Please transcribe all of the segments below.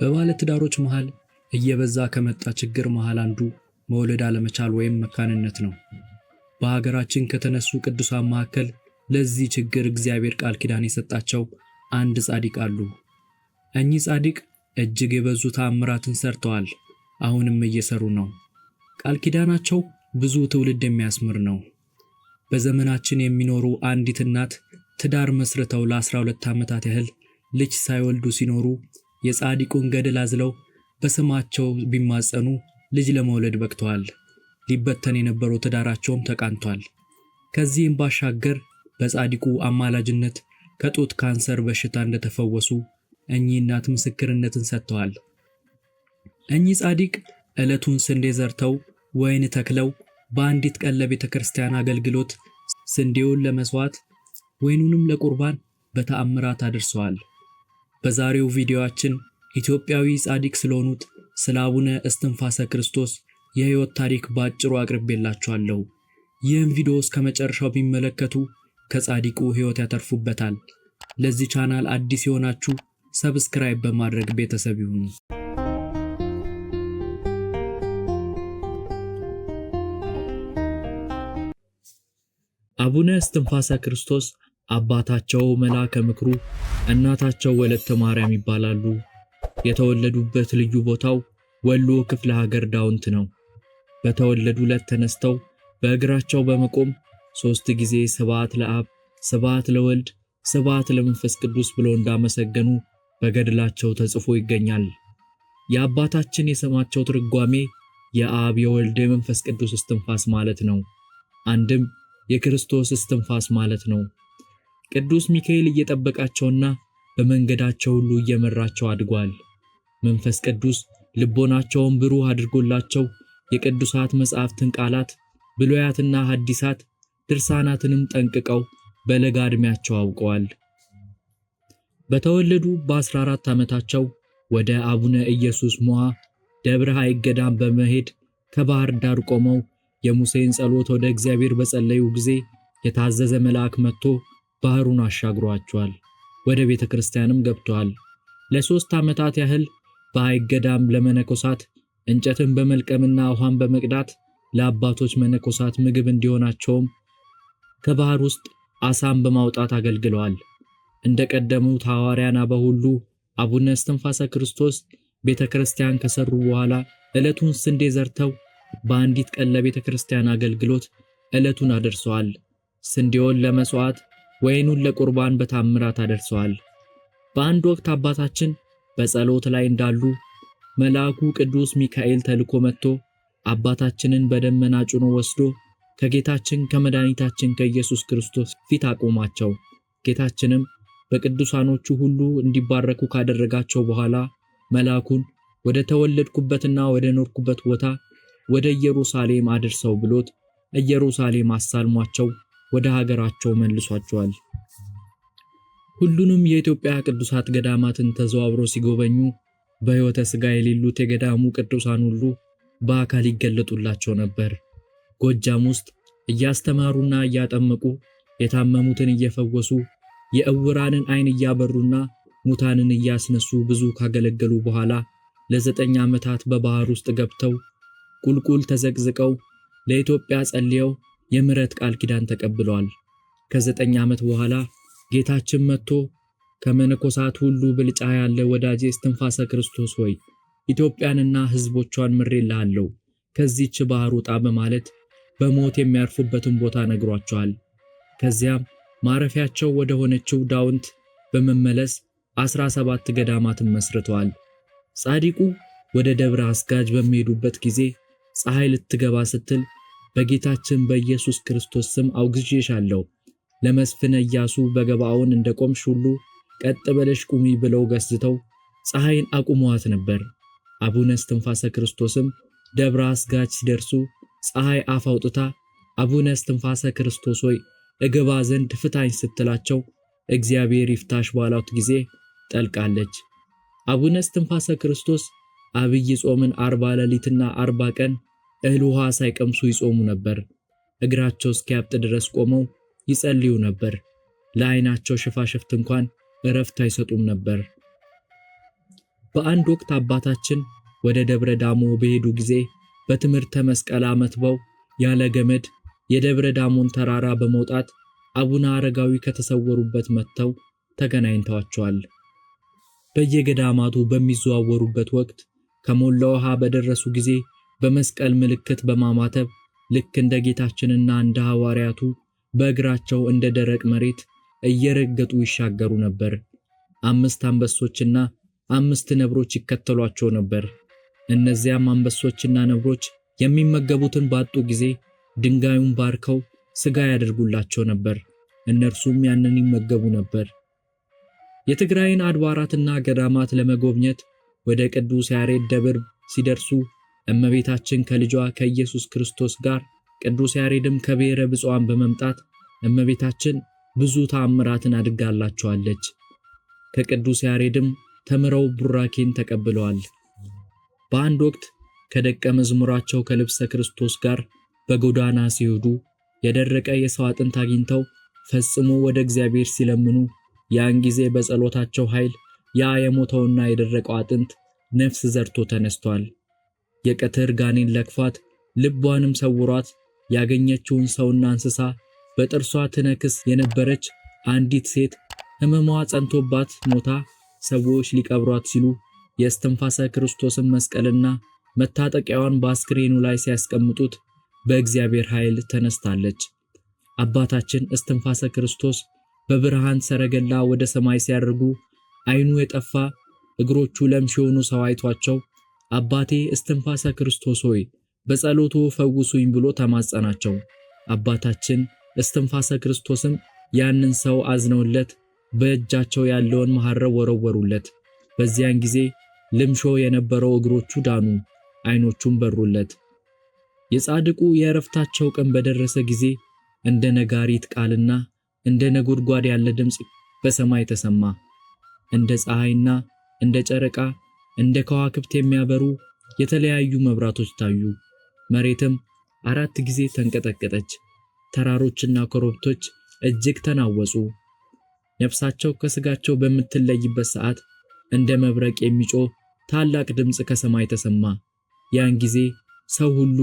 በባለ ትዳሮች መሃል እየበዛ ከመጣ ችግር መሃል አንዱ መውለድ አለመቻል ወይም መካንነት ነው። በሀገራችን ከተነሱ ቅዱሳን መካከል ለዚህ ችግር እግዚአብሔር ቃል ኪዳን የሰጣቸው አንድ ጻድቅ አሉ። እኚህ ጻድቅ እጅግ የበዙ ተአምራትን ሰርተዋል፣ አሁንም እየሰሩ ነው። ቃል ኪዳናቸው ብዙ ትውልድ የሚያስምር ነው። በዘመናችን የሚኖሩ አንዲት እናት ትዳር መስርተው ለ12 ዓመታት ያህል ልጅ ሳይወልዱ ሲኖሩ የጻድቁን ገድል አዝለው በስማቸው ቢማጸኑ ልጅ ለመውለድ በቅተዋል። ሊበተን የነበረው ትዳራቸውም ተቃንቷል። ከዚህም ባሻገር በጻድቁ አማላጅነት ከጡት ካንሰር በሽታ እንደተፈወሱ እኚህ እናት ምስክርነትን ሰጥተዋል። እኚህ ጻድቅ ዕለቱን ስንዴ ዘርተው ወይን ተክለው በአንዲት ቀን ለቤተ ክርስቲያን አገልግሎት ስንዴውን ለመሥዋዕት ወይኑንም ለቁርባን በተአምራት አድርሰዋል። በዛሬው ቪዲዮአችን ኢትዮጵያዊ ጻድቅ ስለሆኑት ስለ አቡነ እስትንፋሰ ክርስቶስ የሕይወት ታሪክ ባጭሩ አቅርቤላችኋለሁ። ይህም ቪዲዮ እስከ መጨረሻው ቢመለከቱ ከጻድቁ ሕይወት ያተርፉበታል። ለዚህ ቻናል አዲስ የሆናችሁ ሰብስክራይብ በማድረግ ቤተሰብ ይሁኑ። አቡነ እስትንፋሰ ክርስቶስ አባታቸው መልአከ ምክሩ፣ እናታቸው ወለተ ማርያም ይባላሉ። የተወለዱበት ልዩ ቦታው ወሎ ክፍለ ሀገር ዳውንት ነው። በተወለዱ ዕለት ተነስተው በእግራቸው በመቆም ሦስት ጊዜ ስብዓት ለአብ ስብዓት ለወልድ ስብዓት ለመንፈስ ቅዱስ ብሎ እንዳመሰገኑ በገድላቸው ተጽፎ ይገኛል። የአባታችን የስማቸው ትርጓሜ የአብ የወልድ የመንፈስ ቅዱስ እስትንፋስ ማለት ነው። አንድም የክርስቶስ እስትንፋስ ማለት ነው። ቅዱስ ሚካኤል እየጠበቃቸውና በመንገዳቸው ሁሉ እየመራቸው አድጓል። መንፈስ ቅዱስ ልቦናቸውን ብሩህ አድርጎላቸው የቅዱሳት መጻሕፍትን ቃላት ብሉያትና ሐዲሳት ድርሳናትንም ጠንቅቀው በለጋ ዕድሜያቸው አውቀዋል። በተወለዱ በ14 ዓመታቸው ወደ አቡነ ኢየሱስ ሞዓ ደብረ ሐይቅ ገዳም በመሄድ ከባህር ዳር ቆመው የሙሴን ጸሎት ወደ እግዚአብሔር በጸለዩ ጊዜ የታዘዘ መልአክ መጥቶ ባህሩን አሻግሯቸዋል። ወደ ቤተ ክርስቲያንም ገብተዋል። ለሦስት ዓመታት ያህል በሐይቅ ገዳም ለመነኮሳት እንጨትን በመልቀምና ውሃን በመቅዳት ለአባቶች መነኮሳት ምግብ እንዲሆናቸውም ከባህር ውስጥ አሳን በማውጣት አገልግለዋል። እንደ ቀደሙት ሐዋርያና በሁሉ አቡነ እስትንፋሰ ክርስቶስ ቤተ ክርስቲያን ከሰሩ በኋላ ዕለቱን ስንዴ ዘርተው በአንዲት ቀን ለቤተ ክርስቲያን አገልግሎት ዕለቱን አደርሰዋል። ስንዴውን ለመሥዋዕት ወይኑን ለቁርባን በታምራት አደርሰዋል። በአንድ ወቅት አባታችን በጸሎት ላይ እንዳሉ መልአኩ ቅዱስ ሚካኤል ተልኮ መጥቶ አባታችንን በደመና ጭኖ ወስዶ ከጌታችን ከመድኃኒታችን ከኢየሱስ ክርስቶስ ፊት አቆማቸው። ጌታችንም በቅዱሳኖቹ ሁሉ እንዲባረኩ ካደረጋቸው በኋላ መልአኩን ወደ ተወለድኩበትና ወደ ኖርኩበት ቦታ ወደ ኢየሩሳሌም አድርሰው ብሎት ኢየሩሳሌም አሳልሟቸው ወደ ሀገራቸው መልሷቸዋል። ሁሉንም የኢትዮጵያ ቅዱሳት ገዳማትን ተዘዋውሮ ሲጎበኙ በሕይወተ ሥጋ የሌሉት የገዳሙ ቅዱሳን ሁሉ በአካል ይገለጡላቸው ነበር። ጎጃም ውስጥ እያስተማሩና እያጠመቁ የታመሙትን እየፈወሱ የእውራንን አይን እያበሩና ሙታንን እያስነሱ ብዙ ካገለገሉ በኋላ ለዘጠኝ ዓመታት በባሕር ውስጥ ገብተው ቁልቁል ተዘቅዝቀው ለኢትዮጵያ ጸልየው የምረት ቃል ኪዳን ተቀብለዋል። ከዘጠኝ ዓመት በኋላ ጌታችን መጥቶ ከመነኮሳት ሁሉ ብልጫ ያለ ወዳጄ እስትንፋሰ ክርስቶስ ሆይ ኢትዮጵያንና ሕዝቦቿን ምሬልሃለሁ ከዚህች ባሕር ውጣ በማለት በሞት የሚያርፉበትን ቦታ ነግሯቸዋል። ከዚያም ማረፊያቸው ወደ ሆነችው ዳውንት በመመለስ አስራ ሰባት ገዳማትን መስርተዋል። ጻዲቁ ወደ ደብረ አስጋጅ በሚሄዱበት ጊዜ ፀሐይ ልትገባ ስትል በጌታችን በኢየሱስ ክርስቶስ ስም አውግዤሻለሁ። ለመስፍነ ኢያሱ በገባዖን እንደ ቆምሽ ሁሉ ቀጥ ብለሽ ቁሚ ብለው ገዝተው ፀሐይን አቁመዋት ነበር። አቡነ እስትንፋሰ ክርስቶስም ደብረ አስጋጅ ሲደርሱ ፀሐይ አፍ አውጥታ አቡነ እስትንፋሰ ክርስቶስ ሆይ እገባ ዘንድ ፍታኝ ስትላቸው እግዚአብሔር ይፍታሽ ባላት ጊዜ ጠልቃለች። አቡነ እስትንፋሰ ክርስቶስ አብይ ጾምን አርባ ሌሊትና አርባ ቀን እህል ውሃ ሳይቀምሱ ይጾሙ ነበር። እግራቸው እስኪያብጥ ድረስ ቆመው ይጸልዩ ነበር። ለዓይናቸው ሽፋሽፍት እንኳን እረፍት አይሰጡም ነበር። በአንድ ወቅት አባታችን ወደ ደብረ ዳሞ በሄዱ ጊዜ በትምህርተ መስቀል አመትበው ያለ ገመድ የደብረ ዳሞን ተራራ በመውጣት አቡነ አረጋዊ ከተሰወሩበት መጥተው ተገናኝተዋቸዋል። በየገዳማቱ በሚዘዋወሩበት ወቅት ከሞላ ውሃ በደረሱ ጊዜ በመስቀል ምልክት በማማተብ ልክ እንደ ጌታችንና እንደ ሐዋርያቱ በእግራቸው እንደ ደረቅ መሬት እየረገጡ ይሻገሩ ነበር። አምስት አንበሶችና አምስት ነብሮች ይከተሏቸው ነበር። እነዚያም አንበሶችና ነብሮች የሚመገቡትን ባጡ ጊዜ ድንጋዩን ባርከው ሥጋ ያደርጉላቸው ነበር። እነርሱም ያንን ይመገቡ ነበር። የትግራይን አድባራትና ገዳማት ለመጎብኘት ወደ ቅዱስ ያሬድ ደብር ሲደርሱ እመቤታችን ከልጇ ከኢየሱስ ክርስቶስ ጋር ቅዱስ ያሬድም ከብሔረ ብፁዓን በመምጣት እመቤታችን ብዙ ተአምራትን አድርጋላቸዋለች። ከቅዱስ ያሬድም ተምረው ቡራኬን ተቀብለዋል። በአንድ ወቅት ከደቀ መዝሙራቸው ከልብሰ ክርስቶስ ጋር በጎዳና ሲሄዱ የደረቀ የሰው አጥንት አግኝተው ፈጽሞ ወደ እግዚአብሔር ሲለምኑ ያን ጊዜ በጸሎታቸው ኃይል ያ የሞተውና የደረቀው አጥንት ነፍስ ዘርቶ ተነስቷል። የቀትር ጋኔን ለክፏት ልቧንም ሰውሯት ያገኘችውን ሰውና እንስሳ በጥርሷ ትነክስ የነበረች አንዲት ሴት ሕመሟ ጸንቶባት ሞታ ሰዎች ሊቀብሯት ሲሉ የእስትንፋሰ ክርስቶስን መስቀልና መታጠቂያዋን በአስክሬኑ ላይ ሲያስቀምጡት በእግዚአብሔር ኃይል ተነስታለች። አባታችን እስትንፋሰ ክርስቶስ በብርሃን ሰረገላ ወደ ሰማይ ሲያደርጉ ዓይኑ የጠፋ እግሮቹ ለምሽ የሆኑ ሰው አይቷቸው አባቴ እስትንፋሰ ክርስቶስ ሆይ በጸሎቱ ፈውሱኝ ብሎ ተማጸናቸው። አባታችን እስትንፋሰ ክርስቶስም ያንን ሰው አዝነውለት በእጃቸው ያለውን መሐረብ ወረወሩለት። በዚያን ጊዜ ልምሾ የነበረው እግሮቹ ዳኑ፣ አይኖቹም በሩለት። የጻድቁ የእረፍታቸው ቀን በደረሰ ጊዜ እንደ ነጋሪት ቃልና እንደ ነጎድጓድ ያለ ድምፅ በሰማይ ተሰማ። እንደ ፀሐይና እንደ ጨረቃ እንደ ከዋክብት የሚያበሩ የተለያዩ መብራቶች ታዩ። መሬትም አራት ጊዜ ተንቀጠቀጠች። ተራሮችና ኮረብቶች እጅግ ተናወጹ። ነፍሳቸው ከስጋቸው በምትለይበት ሰዓት እንደ መብረቅ የሚጮ ታላቅ ድምፅ ከሰማይ ተሰማ። ያን ጊዜ ሰው ሁሉ፣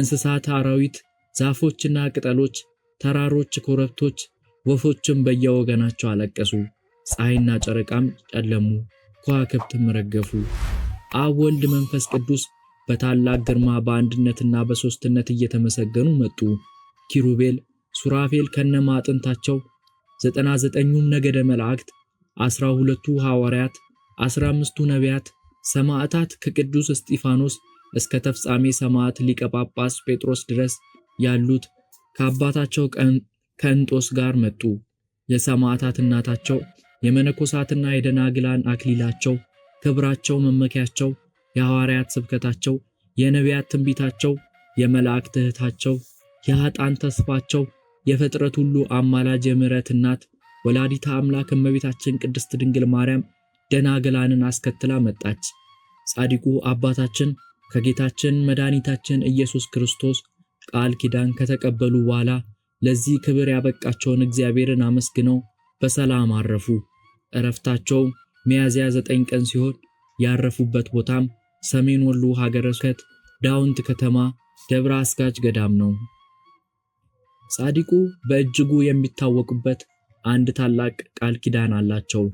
እንስሳት፣ አራዊት፣ ዛፎችና ቅጠሎች፣ ተራሮች፣ ኮረብቶች፣ ወፎችም በየወገናቸው አለቀሱ። ፀሐይና ጨረቃም ጨለሙ። ከዋክብትም ረገፉ። አብ፣ ወልድ፣ መንፈስ ቅዱስ በታላቅ ግርማ በአንድነትና በሦስትነት እየተመሰገኑ መጡ። ኪሩቤል፣ ሱራፌል ከነማ አጥንታቸው፣ ዘጠና ዘጠኙም ነገደ መላእክት፣ አስራ ሁለቱ ሐዋርያት፣ አስራ አምስቱ ነቢያት፣ ሰማዕታት ከቅዱስ እስጢፋኖስ እስከ ተፍጻሜ ሰማዕት ሊቀ ጳጳስ ጴጥሮስ ድረስ ያሉት ከአባታቸው ቀንጦስ ጋር መጡ። የሰማዕታት እናታቸው የመነኮሳትና የደናግላን አክሊላቸው፣ ክብራቸው፣ መመኪያቸው፣ የሐዋርያት ስብከታቸው፣ የነቢያት ትንቢታቸው፣ የመላእክት እህታቸው፣ የኃጥአን ተስፋቸው፣ የፍጥረት ሁሉ አማላጅ የምሕረት እናት ወላዲታ አምላክ እመቤታችን ቅድስት ድንግል ማርያም ደናግላንን አስከትላ መጣች። ጻድቁ አባታችን ከጌታችን መድኃኒታችን ኢየሱስ ክርስቶስ ቃል ኪዳን ከተቀበሉ በኋላ ለዚህ ክብር ያበቃቸውን እግዚአብሔርን አመስግነው በሰላም አረፉ። እረፍታቸው ሚያዝያ 9 ቀን ሲሆን ያረፉበት ቦታም ሰሜን ወሎ ሀገረ ስብከት ዳውንት ከተማ ደብረ አስጋጅ ገዳም ነው። ጻድቁ በእጅጉ የሚታወቁበት አንድ ታላቅ ቃል ኪዳን አላቸው።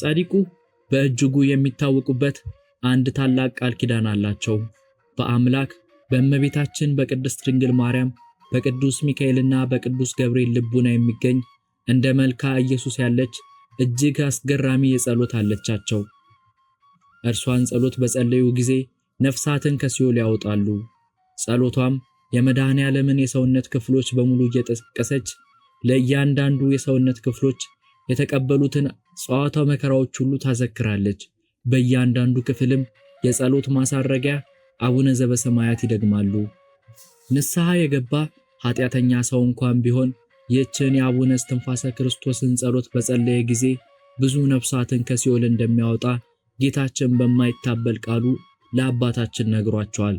ጻድቁ በእጅጉ የሚታወቁበት አንድ ታላቅ ቃል ኪዳን አላቸው። በአምላክ በእመቤታችን በቅድስት ድንግል ማርያም በቅዱስ ሚካኤልና በቅዱስ ገብርኤል ልቡና የሚገኝ እንደ መልካ ኢየሱስ ያለች እጅግ አስገራሚ የጸሎት አለቻቸው። እርሷን ጸሎት በጸለዩ ጊዜ ነፍሳትን ከሲኦል ያወጣሉ። ጸሎቷም የመድኃኔ ዓለምን የሰውነት ክፍሎች በሙሉ እየጠቀሰች ለእያንዳንዱ የሰውነት ክፍሎች የተቀበሉትን ጸዋታው መከራዎች ሁሉ ታዘክራለች። በእያንዳንዱ ክፍልም የጸሎት ማሳረጊያ አቡነ ዘበሰማያት ይደግማሉ። ንስሐ የገባ ኃጢአተኛ ሰው እንኳን ቢሆን ይህችን የአቡነ እስትንፋሰ ክርስቶስን ጸሎት በጸለየ ጊዜ ብዙ ነፍሳትን ከሲኦል እንደሚያወጣ ጌታችን በማይታበል ቃሉ ለአባታችን ነግሯቸዋል።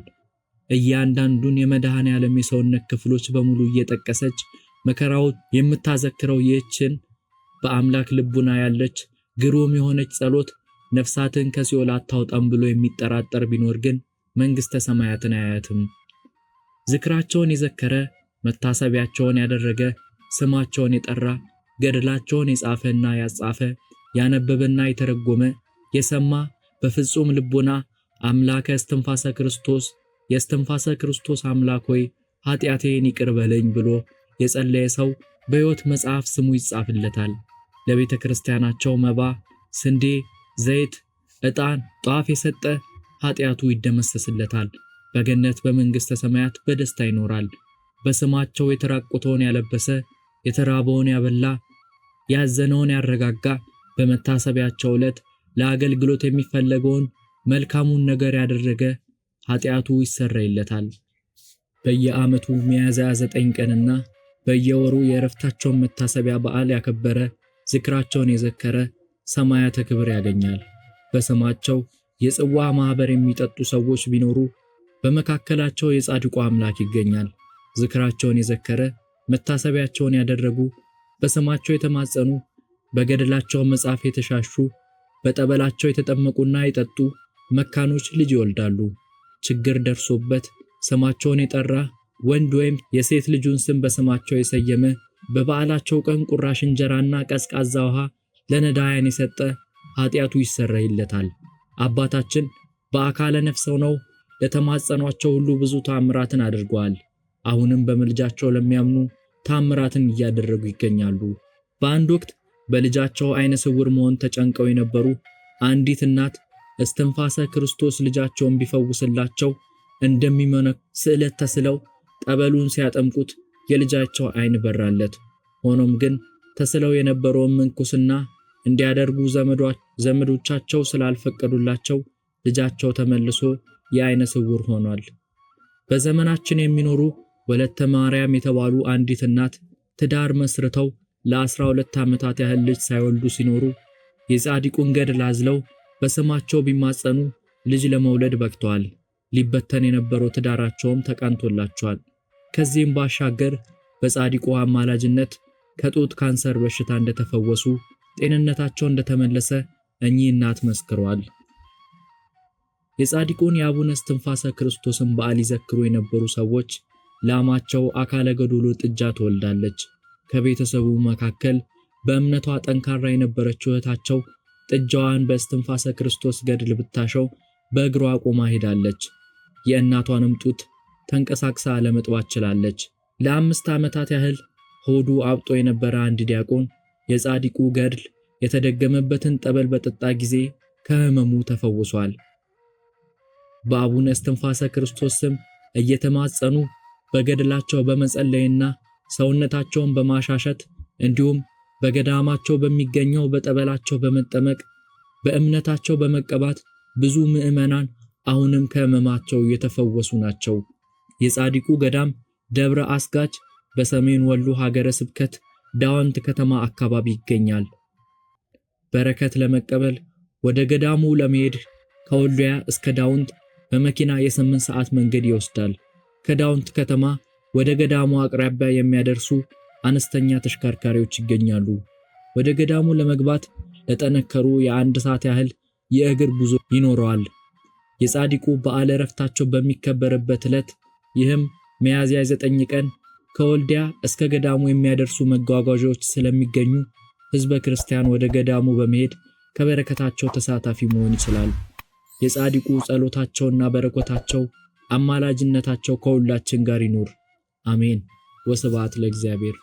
እያንዳንዱን የመድኃኔ ዓለም የሰውነት ክፍሎች በሙሉ እየጠቀሰች መከራዎች የምታዘክረው ይህችን በአምላክ ልቡና ያለች ግሩም የሆነች ጸሎት ነፍሳትን ከሲኦል አታውጣም ብሎ የሚጠራጠር ቢኖር ግን መንግሥተ ሰማያትን አያያትም። ዝክራቸውን የዘከረ መታሰቢያቸውን ያደረገ ስማቸውን የጠራ ገድላቸውን የጻፈና ያጻፈ ያነበበና የተረጎመ የሰማ በፍጹም ልቦና አምላከ እስትንፋሰ ክርስቶስ የእስትንፋሰ ክርስቶስ አምላክ ሆይ ኃጢአቴን ይቅር በለኝ ብሎ የጸለየ ሰው በሕይወት መጽሐፍ ስሙ ይጻፍለታል። ለቤተ ክርስቲያናቸው መባ፣ ስንዴ፣ ዘይት፣ ዕጣን፣ ጧፍ የሰጠ ኃጢአቱ ይደመሰስለታል። በገነት በመንግሥተ ሰማያት በደስታ ይኖራል። በስማቸው የተራቁተውን ያለበሰ የተራበውን ያበላ፣ ያዘነውን ያረጋጋ፣ በመታሰቢያቸው ዕለት ለአገልግሎት የሚፈለገውን መልካሙን ነገር ያደረገ ኃጢአቱ ይሰረይለታል። በየዓመቱ ሚያዝያ ዘጠኝ ቀንና በየወሩ የእረፍታቸውን መታሰቢያ በዓል ያከበረ ዝክራቸውን የዘከረ ሰማያተ ክብር ያገኛል። በስማቸው የጽዋ ማኅበር የሚጠጡ ሰዎች ቢኖሩ በመካከላቸው የጻድቁ አምላክ ይገኛል። ዝክራቸውን የዘከረ መታሰቢያቸውን ያደረጉ በስማቸው የተማጸኑ በገድላቸው መጽሐፍ የተሻሹ በጠበላቸው የተጠመቁና የጠጡ መካኖች ልጅ ይወልዳሉ። ችግር ደርሶበት ስማቸውን የጠራ ወንድ ወይም የሴት ልጁን ስም በስማቸው የሰየመ በበዓላቸው ቀን ቁራሽ እንጀራና ቀዝቃዛ ውሃ ለነዳያን የሰጠ ኃጢአቱ ይሰረይለታል። አባታችን በአካለ ነፍስ ሆነው ለተማጸኗቸው ሁሉ ብዙ ታምራትን አድርገዋል። አሁንም በምልጃቸው ለሚያምኑ ታምራትን እያደረጉ ይገኛሉ። በአንድ ወቅት በልጃቸው አይነ ስውር መሆን ተጨንቀው የነበሩ አንዲት እናት እስትንፋሰ ክርስቶስ ልጃቸውን ቢፈውስላቸው እንደሚመነኩ ስዕለት ተስለው ጠበሉን ሲያጠምቁት የልጃቸው አይን በራለት። ሆኖም ግን ተስለው የነበረውን ምንኩስና እንዲያደርጉ ዘመዶቻቸው ስላልፈቀዱላቸው ልጃቸው ተመልሶ የአይነ ስውር ሆኗል። በዘመናችን የሚኖሩ ወለተ ማርያም የተባሉ አንዲት እናት ትዳር መስርተው ለ12 ዓመታት ያህል ልጅ ሳይወልዱ ሲኖሩ የጻድቁን ገድል አዝለው በስማቸው ቢማጸኑ ልጅ ለመውለድ በቅተዋል። ሊበተን የነበረው ትዳራቸውም ተቃንቶላቸዋል። ከዚህም ባሻገር በጻድቁ አማላጅነት ከጡት ካንሰር በሽታ እንደተፈወሱ፣ ጤንነታቸው እንደተመለሰ እኚህ እናት መስክረዋል። የጻድቁን የአቡነ እስትንፋሰ ክርስቶስን በዓል ይዘክሩ የነበሩ ሰዎች ላማቸው አካለ ገዶሎ ጥጃ ትወልዳለች። ከቤተሰቡ መካከል በእምነቷ ጠንካራ የነበረችው እህታቸው ጥጃዋን በእስትንፋሰ ክርስቶስ ገድል ብታሸው በእግሯ ቆማ ሄዳለች። የእናቷንም ጡት ተንቀሳቅሳ ለመጥባት ችላለች። ለአምስት ዓመታት ያህል ሆዱ አብጦ የነበረ አንድ ዲያቆን የጻድቁ ገድል የተደገመበትን ጠበል በጠጣ ጊዜ ከህመሙ ተፈውሷል። በአቡነ እስትንፋሰ ክርስቶስ ስም እየተማጸኑ በገድላቸው በመጸለይና ሰውነታቸውን በማሻሸት እንዲሁም በገዳማቸው በሚገኘው በጠበላቸው በመጠመቅ በእምነታቸው በመቀባት ብዙ ምዕመናን አሁንም ከሕመማቸው የተፈወሱ ናቸው። የጻድቁ ገዳም ደብረ አስጋጅ በሰሜን ወሎ ሀገረ ስብከት ዳውንት ከተማ አካባቢ ይገኛል። በረከት ለመቀበል ወደ ገዳሙ ለመሄድ ከወልዲያ እስከ ዳውንት በመኪና የስምንት ሰዓት መንገድ ይወስዳል። ከዳውንት ከተማ ወደ ገዳሙ አቅራቢያ የሚያደርሱ አነስተኛ ተሽከርካሪዎች ይገኛሉ። ወደ ገዳሙ ለመግባት ለጠነከሩ የአንድ ሰዓት ያህል የእግር ጉዞ ይኖረዋል። የጻድቁ በዓለ ረፍታቸው በሚከበርበት ዕለት ይህም ሚያዝያ 9 ቀን ከወልዲያ እስከ ገዳሙ የሚያደርሱ መጓጓዣዎች ስለሚገኙ ሕዝበ ክርስቲያን ወደ ገዳሙ በመሄድ ከበረከታቸው ተሳታፊ መሆን ይችላል። የጻድቁ ጸሎታቸውና በረከታቸው አማላጅነታቸው ከሁላችን ጋር ይኑር። አሜን። ወስብሐት ለእግዚአብሔር።